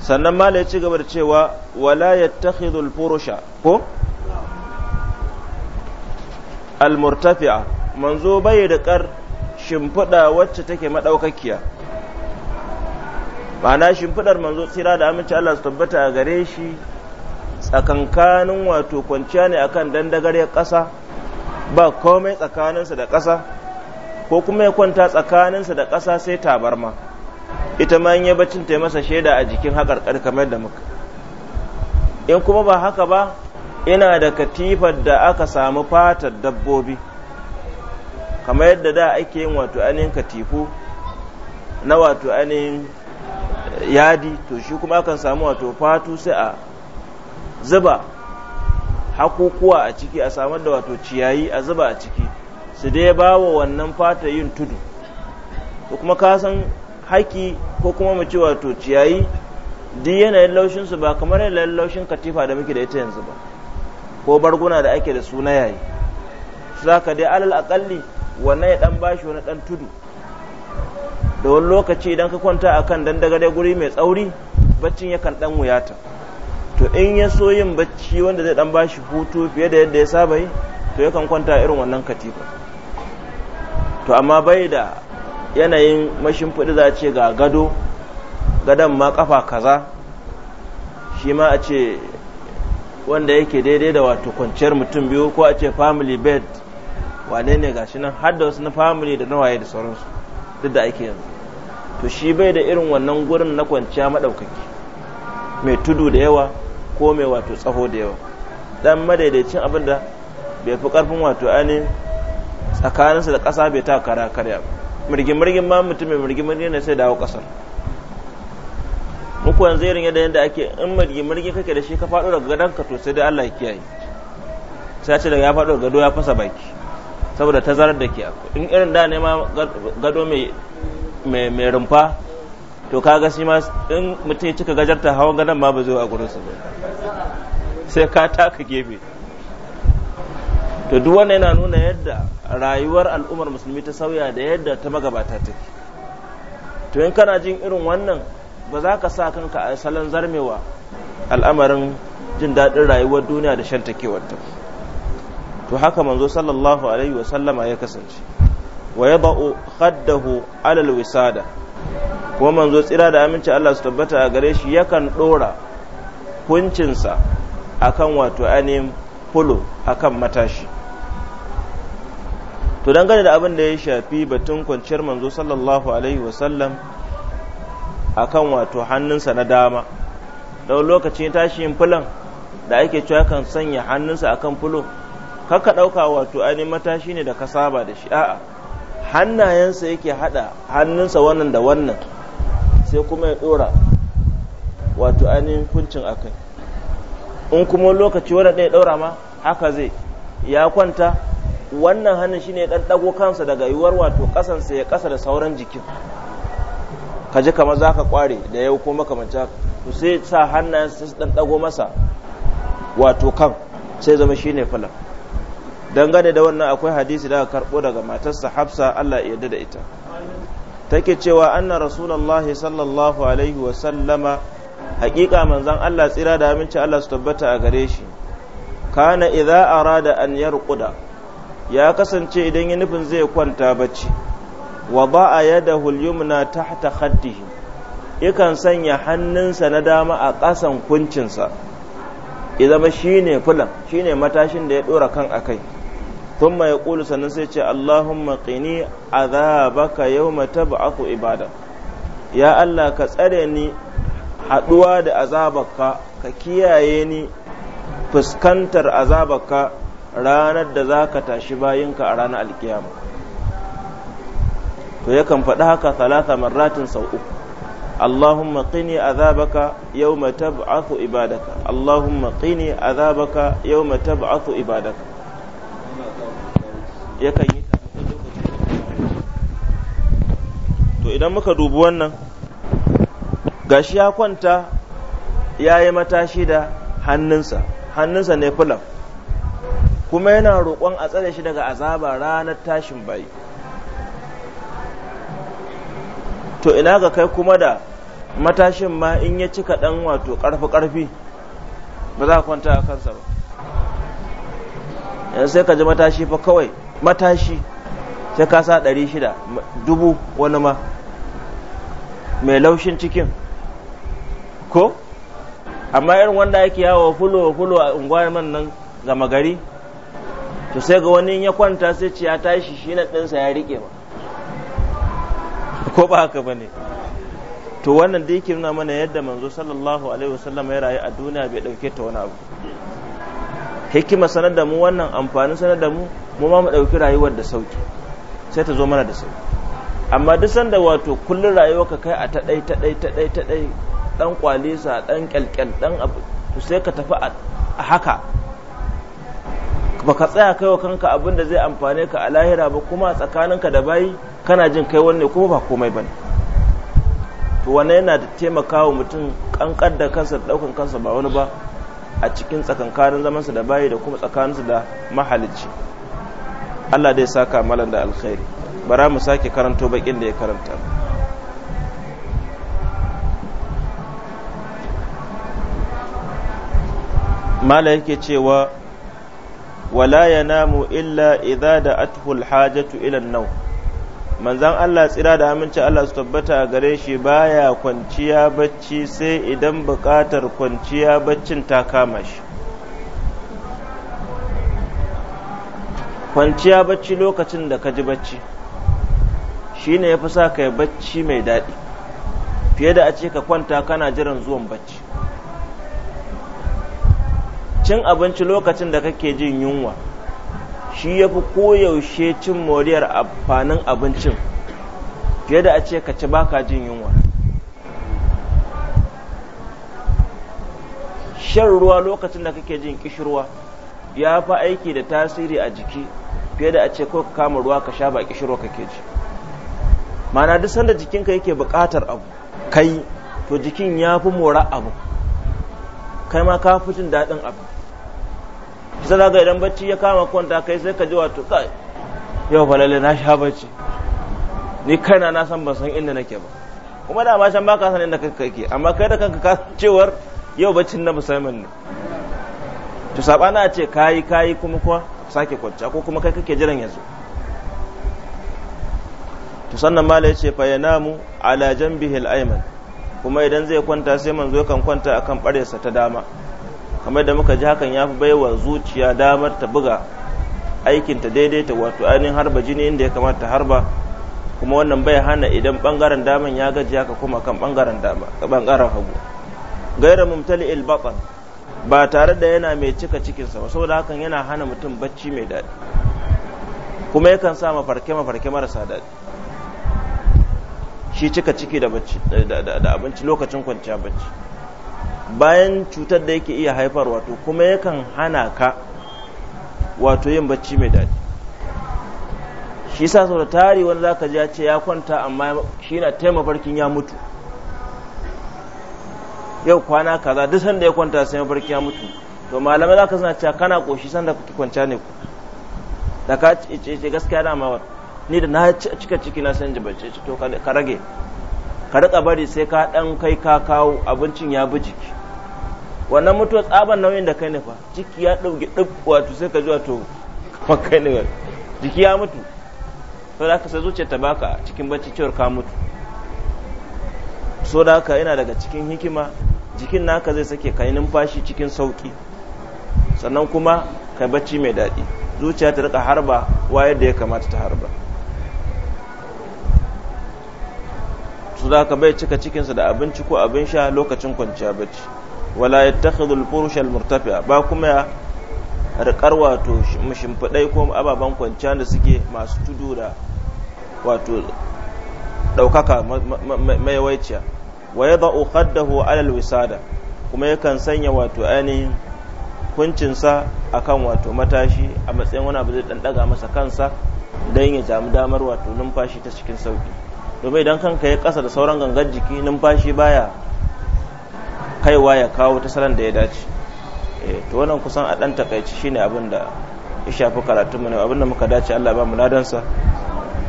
sannan mala ya ci gaba da cewa wala yattakhidul furusha ko almurtafi'a manzo bai da kar shimfiɗa wacce take maɗaukakiya. ma'ana shimfiɗar manzo tsira da aminci Allah su tabbata a gare shi tsakankanin wato kwanciya ne akan dandagar ya ƙasa ba komai tsakaninsa da ƙasa ko kuma ya kwanta tsakaninsa da ƙasa sai tabarma ita ma bacin ta masa shaida a jikin haƙarƙar kamar da muka in kuma ba haka ba ina da katifar da aka samu fatar dabbobi kamar yadda da ake yin wato ainihin katifu na wato ainihin eh, yadi to shi kuma akan samu wato fatu sai a zuba hakukuwa a ciki a samar da wato ciyayi a zuba a ciki su dai ba wa wannan fata yin tudu to kuma ka san haki ko kuma mu ce wato ciyayi duk yanayin laushinsu ba kamar yanayin laushin katifa da muke da ita yanzu ba ko barguna da ake da su na yayi za ka dai alal akalli wannan ya dan bashi wani dan tudu da wani lokaci idan ka kwanta akan dandagare guri mai tsauri baccin yakan dan wuyata to in ya so yin bacci wanda zai dan bashi hutu fiye da yadda ya saba yi to yakan kwanta irin wannan katifa to amma bai da yanayin mashimfiɗi za ce ga gado gadon ma kafa kaza shi ma a ce wanda yake daidai da wato kwanciyar mutum biyu ko a ce family bed wane ne ga shi nan hada wasu na family da waye da sauransu duk da ake yanzu to shi bai da irin wannan gurin na kwanciya maɗaukaki mai tudu da yawa ko mai wato tsaho da yawa dan madaidaicin abin da bai fi karfin wato ainihin tsakaninsa da ƙasa bai ta kara karya ba mirgin-mirgin ma mutum mai mirgin-mirgin ne sai dawo kasar muku yanzu irin yadda yadda ake in mirgin-mirgin kake da shi ka faɗo daga gadon ka to sai dai Allah ya kiyaye sai ce daga ya faɗo daga gado ya fasa baki saboda zarar da ke akwai in irin da ne ma gado mai rumfa to kaga shi ma in mutum ya cika gajarta hawan gadon ma ba zai a gurin su ba sai ka taka gefe to duk wannan yana nuna yadda rayuwar al'ummar musulmi ta sauya da yadda ta magabata take to in kana jin irin wannan ba za ka sa kanka a salon zarmewa al'amarin jin daɗin rayuwar duniya da shan shantakewarta to haka manzo sallallahu alaihi wa sallama ya kasance wa yada'u khaddahu alal wisada kuma manzo tsira da aminci Allah su tabbata a gare shi yakan ɗora kuncinsa akan wato ainihin a kan matashi to dangane da abin da ya shafi batun kwanciyar manzo sallallahu alaihi wasallam kan wato hannunsa na dama da lokacin yin fulan da ake cewa kan sanya hannunsa akan fulo kakka ɗauka wato ani matashi ne da ka saba da shi a'a hannayensa yake hada hannunsa wannan da wannan sai kuma ya ɗora wato ainihin kuncin akai in kuma lokaci wani ɗaya ɗaura ma haka zai ya kwanta wannan hannun shine ya ɗaɗɗago kansa daga yiwuwar wato ƙasansa ya ƙasa da sauran jikin ka ji kamar za ka ƙware da yau ko makamanci to sai sa hannayen su ɗaɗɗago masa wato kan sai zama shine falon dangane da wannan akwai hadisi da karɓo daga matarsa hafsa allah ya yarda da ita take cewa anna rasulullahi sallallahu alaihi wa sallama haƙiƙa manzan Allah tsira da aminci Allah su tabbata a gare shi kana idza arada an yarquda ya kasance idan ya nufin zai kwanta bacci wa ba'a yadahu al-yumna tahta khaddihi yakan sanya hannunsa na dama a ƙasan kuncinsa ya zama shine fulan shine matashin da ya ɗora kan akai ya yaqulu sannan sai ce Allahumma qini azabaka yawma tab'athu ibada ya Allah ka tsare ni haɗuwa da azabarka ka kiyaye ni fuskantar azabarka ranar da za ka tashi bayinka a ranar alkiyama to yakan faɗi haka talata marratin sau uku Allahumma qini azabaka yawma tab'athu ibadaka Allahumma qini azabaka yawma tab'athu ibadaka yakan yi ta to idan muka dubi wannan gashi ya kwanta ya yi matashi da hannunsa hannunsa ne fulaf kuma yana roƙon a tsare shi daga azaba ranar tashin bayi to ina ga kai kuma da matashin ma in ya cika ɗan wato ƙarfi-ƙarfi ba za a kwanta a kansa ba yanzu sai ka ji matashi fa kawai matashi sai ka sa ɗari shida dubu wani ma mai laushin cikin ko amma irin wanda yake yawo fulo fulo a unguwan nan gama gari to sai ga wani ya kwanta sai ce ya tashi shi na ɗinsa ya riƙe ba ko ba haka ba ne to wannan da yake nuna mana yadda manzo sallallahu alaihi wasallam ya rayu a duniya bai ɗauke ta wani abu hikima sanar da mu wannan amfanin sanar da mu mu ma mu ɗauki rayuwar da sauki sai ta zo mana da sauki amma duk sanda wato kullun rayuwarka kai a ta ɗai ta ɗai ta ɗai ta ɗai dan kwalisa dan kyalkyal dan abu to sai ka tafi a haka baka tsaya kai wa kanka abin da zai amfane ka a lahira ba kuma tsakaninka da bayi kana jin kai wanne kuma ba komai bane to wanne yana da taimakawa mutum kankar da kansa daukan kansa ba wani ba a cikin tsakankanin zamansa da bayi da kuma tsakaninsa da mahalicci Allah dai saka malan da alkhairi bara mu sake karanto bakin da ya karanta mala yake cewa wala namu illa idza da athul hajatu ila nau manzan Allah tsira da aminci Allah su tabbata gare shi baya kwanciya bacci sai idan buƙatar kwanciya baccin ta kama shi kwanciya bacci lokacin da ka ji bacci shine ya fi sa ka bacci mai daɗi fiye da a ce ka kwanta kana jiran zuwan bacci cin abinci lokacin da kake jin yunwa shi ya fi koyaushe cin moriyar amfanin abincin fiye da a ce ka ci baka jin yunwa shan ruwa lokacin da kake jin kishirwa ya fi aiki da tasiri a jiki fiye da a ce ko ka kama ruwa ka sha ba kishirwa kake ji mana duk sanda jikinka yake buƙatar abu kai to jikin ya fi mora abu kai ma ka fi jin daɗin abu sai za ga idan bacci ya kama kwanta kai sai ka ji wato kai yau fa lalle na sha bacci ni kaina na san ban san inda nake ba kuma da ma can ba ka san inda kake ke amma kai da kanka ka cewar yau baccin na musamman ne to sabana a ce kai kai kuma kuwa sake kwanta ko kuma kai kake jiran yanzu to sannan mala yace fa yanamu ala janbihi al-ayman kuma idan zai kwanta sai manzo kan kwanta akan baresa ta dama kamar da muka ji hakan ya fi baiwa zuciya damar ta buga aikinta daidaita wato ainihin harba jini inda ya kamata ta harba kuma wannan bai hana idan bangaren daman ya gaji haka kuma kan bangaren dama bangaren hagu gaira mumtali ilbatan ba tare da yana mai cika cikinsa ba saboda hakan yana hana mutum bacci mai daɗi kuma yakan sa mafarke mafarke marasa daɗi shi cika ciki da abinci lokacin kwanciya bacci bayan cutar da yake iya haifar wato kuma yakan hana ka wato yin bacci mai daɗi shi sa sau da tari wani za ka ya ce ya kwanta amma shi na taimafarkin ya mutu yau kwana kaza duk sanda ya kwanta sai mafarki ya mutu to malamai za ka suna cewa kana ƙoshi sanda ka kwanta ne ku da ka ce gaskiya dama ni da na cika ciki na san bacci to ka rage ka riƙa bari sai ka ɗan kai ka kawo abincin ya bi jiki wannan mutuwa tsaban nauyin da kai ne fa ciki ya ɗauki ɗin wato sai ka ji wato kai ne jiki ya mutu to da ka sai zuciya ta baka cikin bacci cewar ka mutu so da ka yana daga cikin hikima jikin naka zai sake kai numfashi cikin sauki sannan kuma kai bacci mai daɗi zuciya ta rika harba wayar da ya kamata ta harba su za ka bai cika cikinsa da abinci ko abin sha lokacin kwanciya bacci wala ya takhidul furushal murtafiya ba kuma ya rikar wato shimfiɗai ko ababen kwanciya da suke masu tudu da wato ɗaukaka waiciya wa ya za'u haddahu alal wisada kuma yakan sanya wato ainihin kuncinsa kan wato matashi a matsayin wani abu zai ɗanɗaga masa kansa don ya jami damar wato numfashi ta cikin sauƙi domin idan kanka ya kasa da sauran gangan jiki numfashi baya kaiwa ya kawo ta salon da ya dace eh, to wannan kusan a dan takaici shine abin da ya shafi karatun mu ne abin da muka dace Allah ba mu ladansa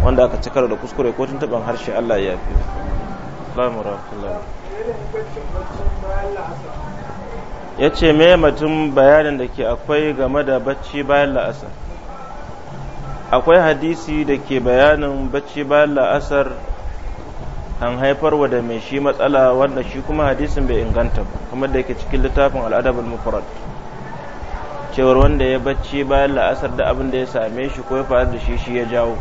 wanda aka cika da kuskure ko tun taban harshe Allah ya yafi Allahu alaikum ya ce me mutum bayanin da ke akwai game da bacci bayan la'asar akwai hadisi da ke bayanin bacci bayan la'asar an haifar wa da mai shi matsala wanda shi kuma hadisin bai inganta ba kuma da yake cikin littafin al'adabul mufrad cewar wanda ya bacci bayan la'asar da abin da ya same shi ko ya faru da shi shi ya jawo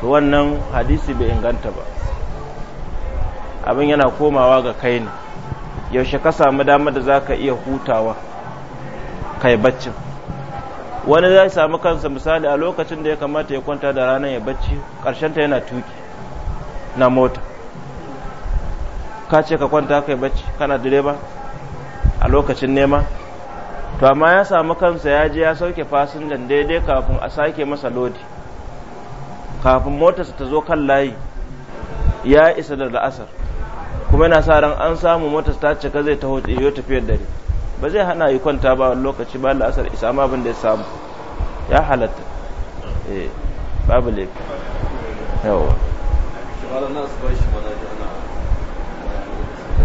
to wannan hadisi bai inganta ba abin yana komawa ga kai ne yaushe ka samu damar da zaka iya hutawa kai baccin wani zai samu kansa misali a lokacin da ya kamata ya kwanta da ranar ya bacci ta yana tuki na mota ka ce ka kwanta kai bacci kana direba a lokacin nema to amma ya samu kansa ya je ya sauke fasinjan daidai kafin a sake masa lodi kafin motarsa ta zo kan layi ya isa da la'asar kuma yana sa ran an samu motarsa ta cika zai taho iyo tafiyar dare ba zai hana yi kwanta ba lokaci ba la'asar isa ma abin da ya samu ya halatta eh, babu laifi yawa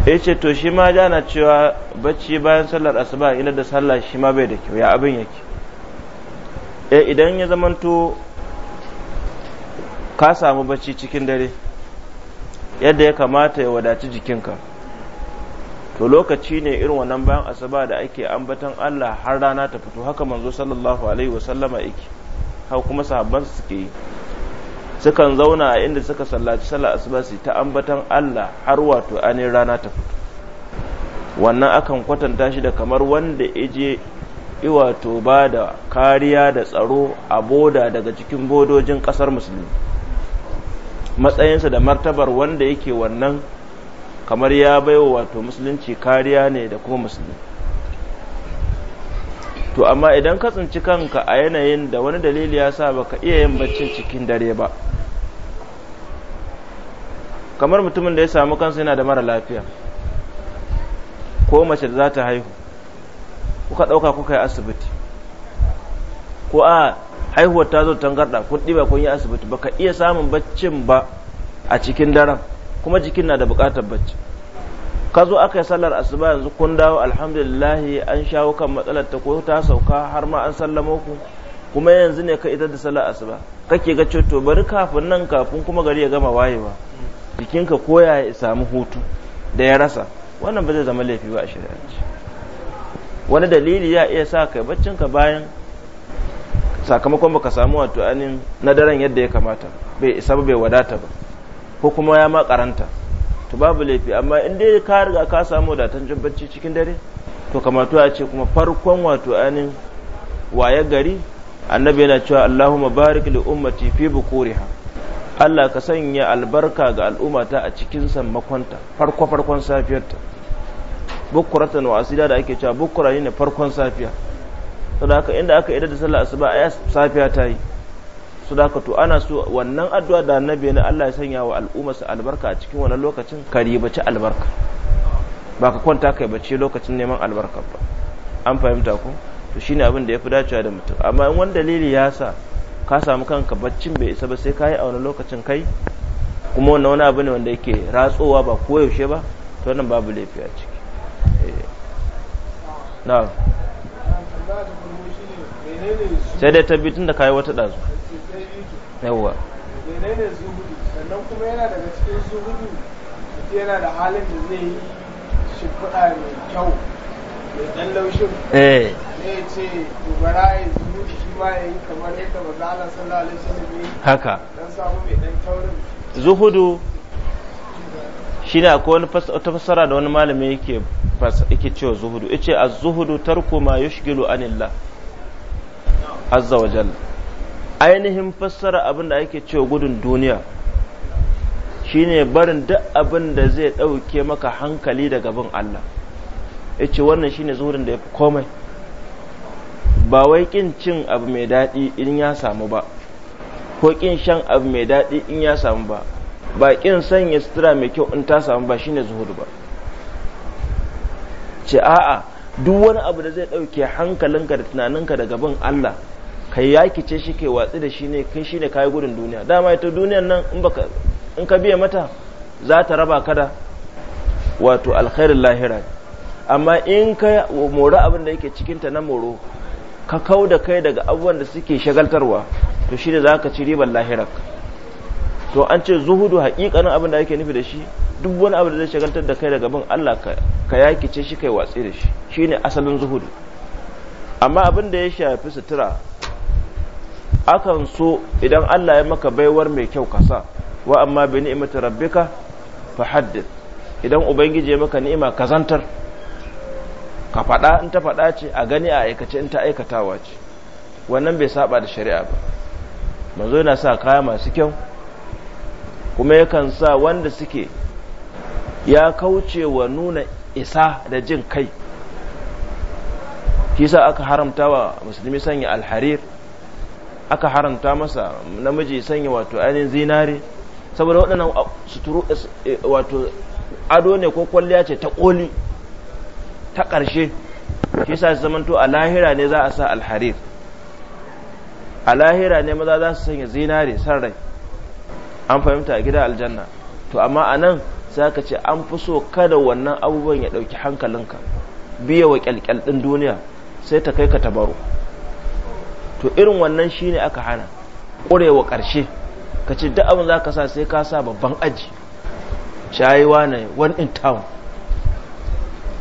ya eh, ce to shi ma jana cewa bacci bayan sallar asuba ina da sallah shi ma bai da kyau ya abin yake e idan ya zamanto ka samu bacci cikin dare yadda ya kamata ya wadaci jikinka to lokaci ne irin wannan bayan asuba da ake ambaton Allah har rana ta fito haka manzo sallallahu alaihi wasallama yake haka kuma sahabbansa suke yi sukan zauna a inda suka sallaci sallar asuba su ta ambatan Allah har wato anin rana ta fito wannan akan kwatanta shi da kamar wanda ije iwato ba da kariya da tsaro a boda daga cikin bodojin kasar musulmi matsayinsa da martabar wanda yake wannan kamar ya baiwa wato musulunci kariya ne da kuma musulmi to amma idan ka tsinci kanka a yanayin da wani dalili ya sa baka iya yin baccin cikin dare ba kamar mutumin da ya samu kansa yana da mara lafiya ko mace da za ta haihu kuka ɗauka kuka yi asibiti ko a haihuwar ta zo tangarɗa kun ɗiba kun yi asibiti baka iya samun baccin ba a cikin daren kuma jikin na da buƙatar bacci ka zo aka yi sallar asuba yanzu kun dawo alhamdulillahi an shawo kan matsalar ta ko ta sauka har ma an sallamo ku kuma yanzu ne ka idar da sallar asuba kake ga to bari kafin nan kafin kuma gari ya gama wayewa jikinka koya ya samu hutu da ya rasa wannan ba zai zama laifi ba a shari'ance wani dalili ya iya sa kai baccinka bayan sakamakon baka samu wato anin na daren yadda ya kamata bai isa ba bai wadata ba ko kuma ya ma karanta to babu laifi amma in dai ka riga ka samu datancin bacci cikin dare to kamato a ce kuma farkon wato anin waye gari annabi yana cewa Allahumma barik li ummati fi bukuriha Allah ka sanya albarka ga al'ummata a cikin sammakonta farko farkon safiyarta bukuratan wa asida da ake cewa bukura ne farkon safiya saboda haka inda aka idar da sallar asuba a safiya ta yi su ana so wannan addu'a da annabi ne Allah ya sanya wa al'ummarsa albarka a cikin wannan lokacin ka bace albarka ba ka kwanta kai bace lokacin neman albarka ba an fahimta ko to shine abin da yafi dacewa da mutum amma in wani dalili ya sa ka samu kanka baccin bai isa ba sai ka yi a wani lokacin kai kuma wannan wani abu ne wanda yake ratsowa ba koyaushe ba to wannan babu laifi a ciki eh. na'am sai dai tabbitin da kayi wata ɗazu yawwa menene zuhudu sannan kuma yana daga cikin zuhudu yana da halin da zai yi shi kuɗa mai kyau mai ɗan laushin eh zai ce dubara ya zuhudu shi ma ya yi kamar yadda ba za a sallallahu alaihi wasallam ne haka dan samu mai ɗan taurin zuhudu shi ne akwai wani fassara da wani malami yake yake cewa zuhudu yace az-zuhudu tarku ma yushghilu anillah azza wa jalla ainihin fassara abin da ake cewa gudun duniya shine barin duk abin da zai ɗauke maka hankali daga bin Allah ya ce wannan shine zuhurin da ya fi komai ba wai ƙin cin abu mai daɗi in ya samu ba ko ƙin shan abu mai daɗi in ya samu ba ba ƙin sanya sutura mai kyau in ta samu ba shine zuhur ba ce a'a duk wani abu da zai ɗauke hankalinka da tunaninka daga bin Allah kai yakice shi ke watsi da shi ne kai shi ne kayi gudun duniya dama ita duniyan nan in ka biya mata za ta raba ka da wato alkhairin lahira amma in ka mora abin da yake cikinta na moro ka kau da kai daga abubuwan da suke shagaltarwa to shi ne za ka ci ribar lahirar to an ce zuhudu haƙiƙanin abin da yake nufi da shi duk wani abu da zai shagaltar da kai daga bin Allah ka yakice shi kai watsi da shi shi ne asalin zuhudu amma abin da ya shafi sutura akan so idan Allah ya maka baiwar mai kyau kasa wa amma bi ni'mati rabbika fa haddith idan ubangiji ya maka ni'ima kazantar ka fada in ta fada ce a gani a aikace in ta aikatawa ce wannan bai saba da shari'a ba manzo yana sa kaya masu kyau kuma yakan sa wanda suke ya kauce wa nuna isa da jin kai kisa aka haramta wa musulmi sanya alharir aka haranta masa namiji sanya wato ainihin zinare saboda waɗannan uh, suturu uh, eh, wato ado ne ko kwalliya ce ta ƙoli ta ƙarshe shi sa su zamanto a lahira ne za a sa alharir a lahira ne maza za su sanya zinare sarrai an fahimta a gida aljanna to amma a nan za ka ce an fi so kada wannan abubuwan ya ɗauki hankalinka biya wa ƙyalƙyal ɗin duniya sai ta kai ka baro to irin wannan shine aka hana ƙurewa ƙarshe ka ce da abin za ka sa sai ka sa babban aji shayewa ne one in town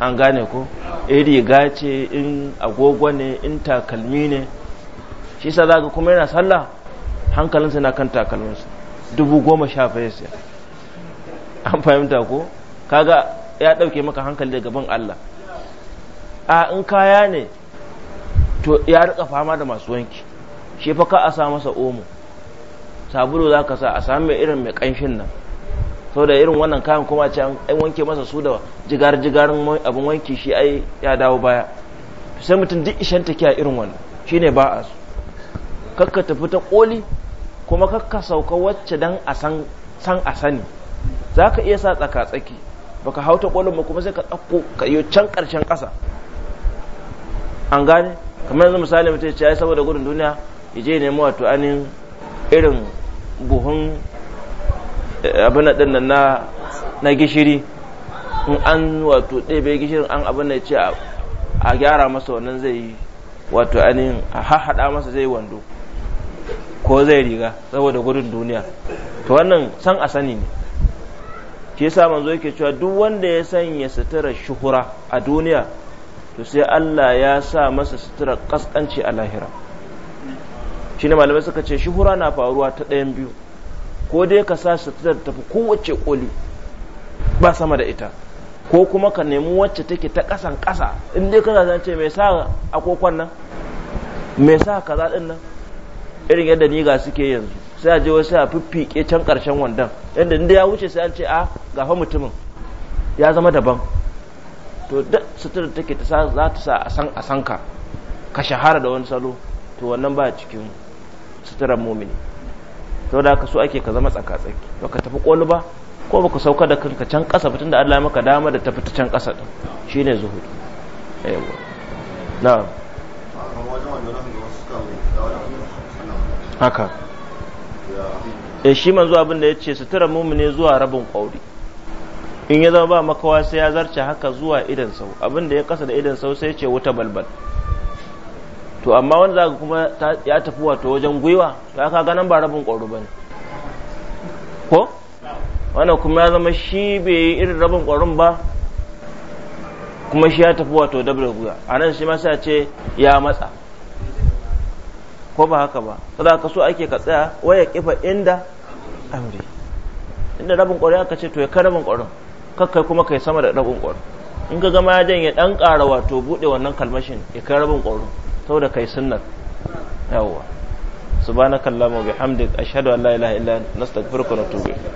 an gane ko in eh riga ce in agogo ne in takalmi ne shi sa za ka kuma yana sallah hankalinsa na kan takalminsa dubu goma sha fiye siya an fahimta ko kaga ya ɗauke maka hankali daga bin allah a in kaya ne to ya rika fama da masu wanki shi fa ka a sa masa omo sabulu za ka sa a sami mai irin mai kanshin nan sau da irin wannan kayan kuma ce an wanke masa su da jigar jigarin abin wanki shi ai ya dawo baya sai mutum duk ishen ta a irin wannan ne ba a su kakka tafi ta koli kuma kakka sauka wacce dan a san a sani za ka iya sa tsaka tsaki baka ta kolin ba kuma sai ka ɗauko ka yi can karshen ƙasa an gane kamar yanzu misali mutum ya ce saboda gudun duniya ya je nemi wato anin irin buhun eh, abin din nan na gishiri in an wato ɗebe gishirin an abin da ce a gyara masa wannan zai yi wato anin a haɗa masa zai wando ko zai riga saboda gudun duniya to wannan san a sani ne ke sa manzo yake cewa duk wanda ya sanya sutura shuhura a duniya to sai Allah ya sa masa sutura kaskanci a lahira shi ne malamai suka ce shuhura na faruwa ta ɗayan biyu ko dai ka sa sutura tafi kowace koli ba sama da ita ko kuma ka nemi wacce take ta ƙasan ƙasa in dai kana zance mai sa kokon nan mai sa kaza ɗin nan irin yadda ni ga suke yanzu sai a je wasu a fiffike can ƙarshen wandan. yadda inda ya wuce sai an ce a ah, gafa mutumin ya zama daban to duk sutura take ta za ta sa a san a san ka ka shahara da wani salo to wannan ba cikin suturar mumini to da ka so ake ka zama tsaka-tsaki ba ka tafi koli ba ko baka sauka da kanka can ƙasa fitin da Allah maka dama da tafi ta can ƙasa din shine zuhudi yawa na haka e shi manzo abin da yace suturar mumini zuwa rabin kauri in ya zama ba makawa sai ya zarce haka zuwa idan sau abin da ya kasa da idan sau sai ce wuta balbal to amma wanda zaka kuma ya tafi wato wajen gwiwa aka ga nan ba rabin ƙwaro bane ko wannan kuma ya zama shi bai yi irin rabin ƙwaron ba kuma shi ya tafi wato dabar gwiwa a nan shi masa ce ya matsa ko ba haka ba saboda ka so ake ka tsaya waya kifa inda amri inda rabin ƙwarin aka ce to ya ka rabin ƙwarin kakkai kuma kai sama da rabin ƙwaro in ka gama ya ɗan ƙara wato buɗe wannan kalmashin ya kai rabin ƙwaro da kai sunnar yawwa subhanakallahumma wa bihamdik ashhadu an la ilaha illa anta astaghfiruka wa atubu